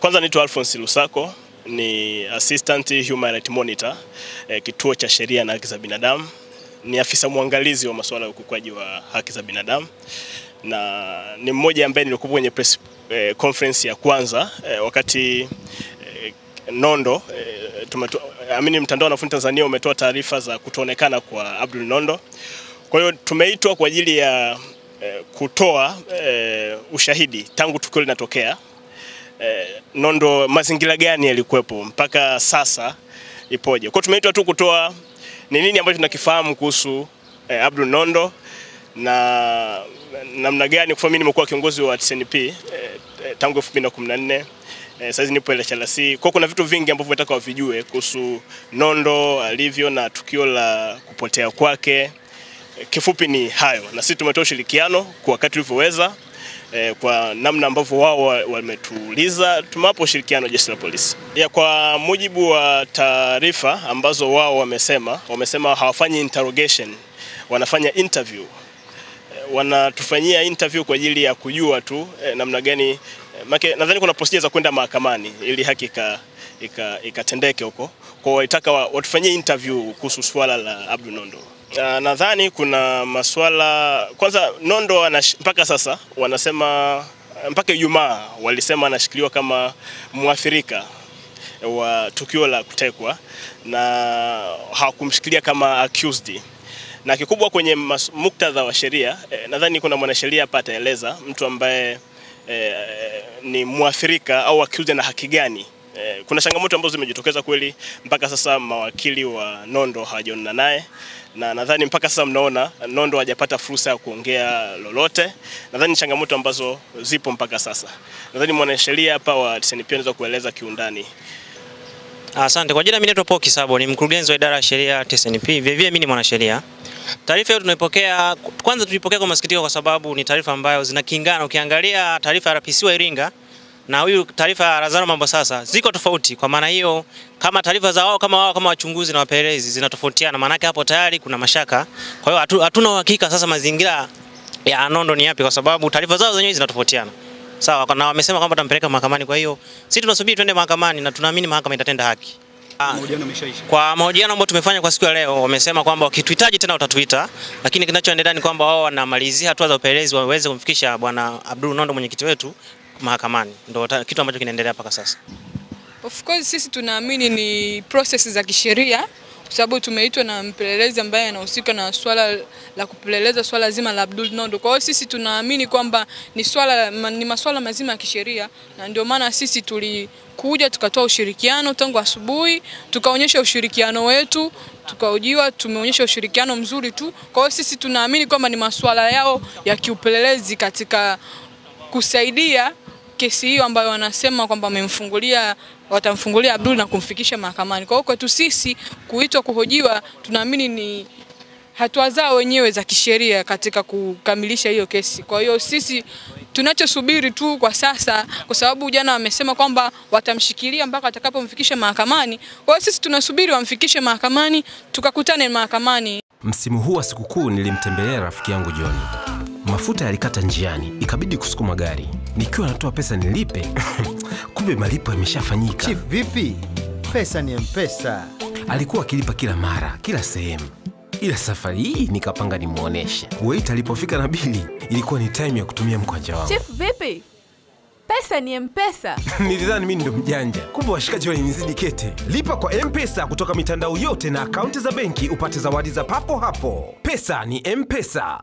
Kwanza naitwa Alphonse Lusako, ni assistant human rights monitor eh, kituo cha sheria na haki za binadamu. Ni afisa mwangalizi wa masuala ya ukiukwaji wa haki za binadamu na ni mmoja ambaye nilikuwa kwenye press eh, conference ya kwanza eh, wakati eh, Nondo eh, tumetu, amini mtandao wa wanafunzi Tanzania umetoa taarifa za kutoonekana kwa Abdul Nondo. Kwa hiyo tumeitwa kwa ajili ya eh, kutoa eh, ushahidi tangu tukio linatokea eh, nondo mazingira gani yalikuwepo mpaka sasa ipoje. Kwa tumeitwa tu kutoa ni nini ambacho tunakifahamu kuhusu eh, Abdul Nondo na namna gani kwa mimi nimekuwa kiongozi wa TNP eh, eh, tangu 2014 eh, saizi nipo LHRC. Kwa kuna vitu vingi ambavyo nataka wavijue kuhusu Nondo alivyo na tukio la kupotea kwake Kifupi ni hayo, na sisi tumetoa ushirikiano kwa wakati tulivyoweza, e, eh, kwa namna ambavyo wao wametuuliza, tumewapa ushirikiano jeshi la polisi ya kwa mujibu wa taarifa ambazo wao wamesema, wamesema hawafanyi interrogation, wanafanya interview eh, wanatufanyia interview kwa ajili ya kujua tu eh, namna gani eh, nadhani kuna procedure za kwenda mahakamani ili haki ikatendeke huko. Kwa walitaka watufanyie interview kuhusu swala la Abdu Nondo. Uh, nadhani kuna maswala kwanza, nondo anash, mpaka sasa wanasema mpaka Ijumaa walisema anashikiliwa kama mwathirika wa tukio la kutekwa na hawakumshikilia kama accused na kikubwa kwenye mas, muktadha wa sheria eh, nadhani kuna mwanasheria hapa ataeleza mtu ambaye eh, ni mwathirika au accused na haki gani Eh, kuna changamoto ambazo zimejitokeza kweli, mpaka sasa mawakili wa Nondo hawajaonana naye na nadhani mpaka sasa mnaona Nondo hajapata fursa ya kuongea lolote. Nadhani changamoto ambazo zipo mpaka sasa, nadhani mwanasheria hapa wa TCNP anaweza kueleza kiundani. Asante. Kwa jina mimi naitwa Poki Sabo, ni mkurugenzi wa idara ya sheria TCNP. Vivyo hivyo mimi ni mwanasheria. Taarifa hiyo tunaipokea, kwanza tulipokea kwa masikitiko, kwa sababu ni taarifa ambayo zinakingana. Ukiangalia taarifa ya RPC wa Iringa na huyu taarifa ya Lazaro Mambo sasa ziko tofauti. Kwa maana hiyo, kama taarifa za wao kama wao kama wachunguzi na wapelelezi zinatofautiana, maanake hapo tayari kuna mashaka. Kwa hiyo hatuna uhakika sasa mazingira ya Anondo ni yapi, kwa sababu taarifa zao zenyewe zinatofautiana. Sawa, na wamesema kwamba watampeleka mahakamani. Kwa hiyo sisi tunasubiri twende mahakamani na tunaamini mahakama itatenda haki. Ah, mahojiano Kwa mahojiano ambayo tumefanya kwa siku ya leo, wamesema kwamba wakituhitaji tena utatuita, lakini kinachoendelea ni kwamba wao wanamalizia hatua za upelelezi waweze kumfikisha bwana Abdul Nondo mwenyekiti wetu mahakamani, ndio kitu ambacho kinaendelea mpaka sasa. Of course sisi tunaamini ni process za kisheria kwa sababu tumeitwa na mpelelezi ambaye anahusika na swala la kupeleleza swala zima la Abdul Nondo. Kwa hiyo sisi tunaamini kwamba ni swala ni maswala mazima ya kisheria, na ndio maana sisi tulikuja tukatoa ushirikiano tangu asubuhi, tukaonyesha ushirikiano wetu, tukaojiwa, tumeonyesha ushirikiano mzuri tu. Kwa hiyo sisi tunaamini kwamba ni maswala yao ya kiupelelezi katika kusaidia kesi hiyo ambayo wanasema kwamba wamemfungulia watamfungulia Abdul na kumfikisha mahakamani. Kwa hiyo kwetu sisi kuitwa kuhojiwa, tunaamini ni hatua zao wenyewe za kisheria katika kukamilisha hiyo kesi. Kwa hiyo sisi tunachosubiri tu kwa sasa, kwa sababu jana wamesema kwamba watamshikilia mpaka atakapomfikisha mahakamani. Kwa hiyo sisi tunasubiri wamfikishe mahakamani, tukakutane mahakamani. Msimu huu wa sikukuu nilimtembelea rafiki yangu John, mafuta yalikata njiani, ikabidi kusukuma gari nikiwa natoa pesa nilipe kumbe malipo yameshafanyika. Chief vipi? Pesa ni mpesa. Alikuwa akilipa kila mara, kila sehemu, ila safari hii nikapanga nimwoneshe. weit alipofika na bili, ilikuwa ni taimu ya kutumia mkwanja wangu. Chief vipi? Pesa ni mpesa. Nilidhani mimi ndo mjanja, kumbe washikaji walinizidi kete. Lipa kwa mpesa kutoka mitandao yote na akaunti za benki upate zawadi za papo hapo. Pesa ni mpesa.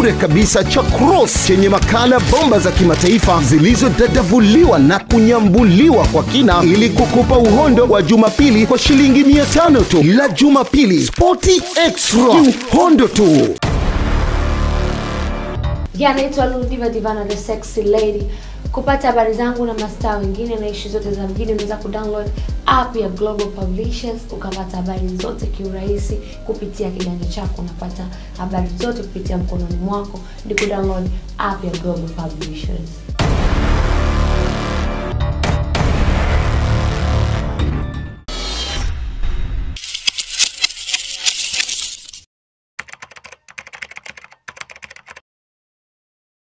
bure kabisa cha Cross chenye makala bomba za kimataifa zilizodadavuliwa na kunyambuliwa kwa kina ili kukupa uhondo wa Jumapili kwa shilingi 500 tu. La Jumapili spoti Extra, uhondo tu. Yeah, anaitwa Divana the Sexy Lady kupata habari zangu na mastaa wengine na ishi zote za mjini unaweza kudownload app ya global publishers ukapata habari zote kiurahisi kupitia kiganja chako unapata habari zote kupitia mkononi mwako ni kudownload app ya global publishers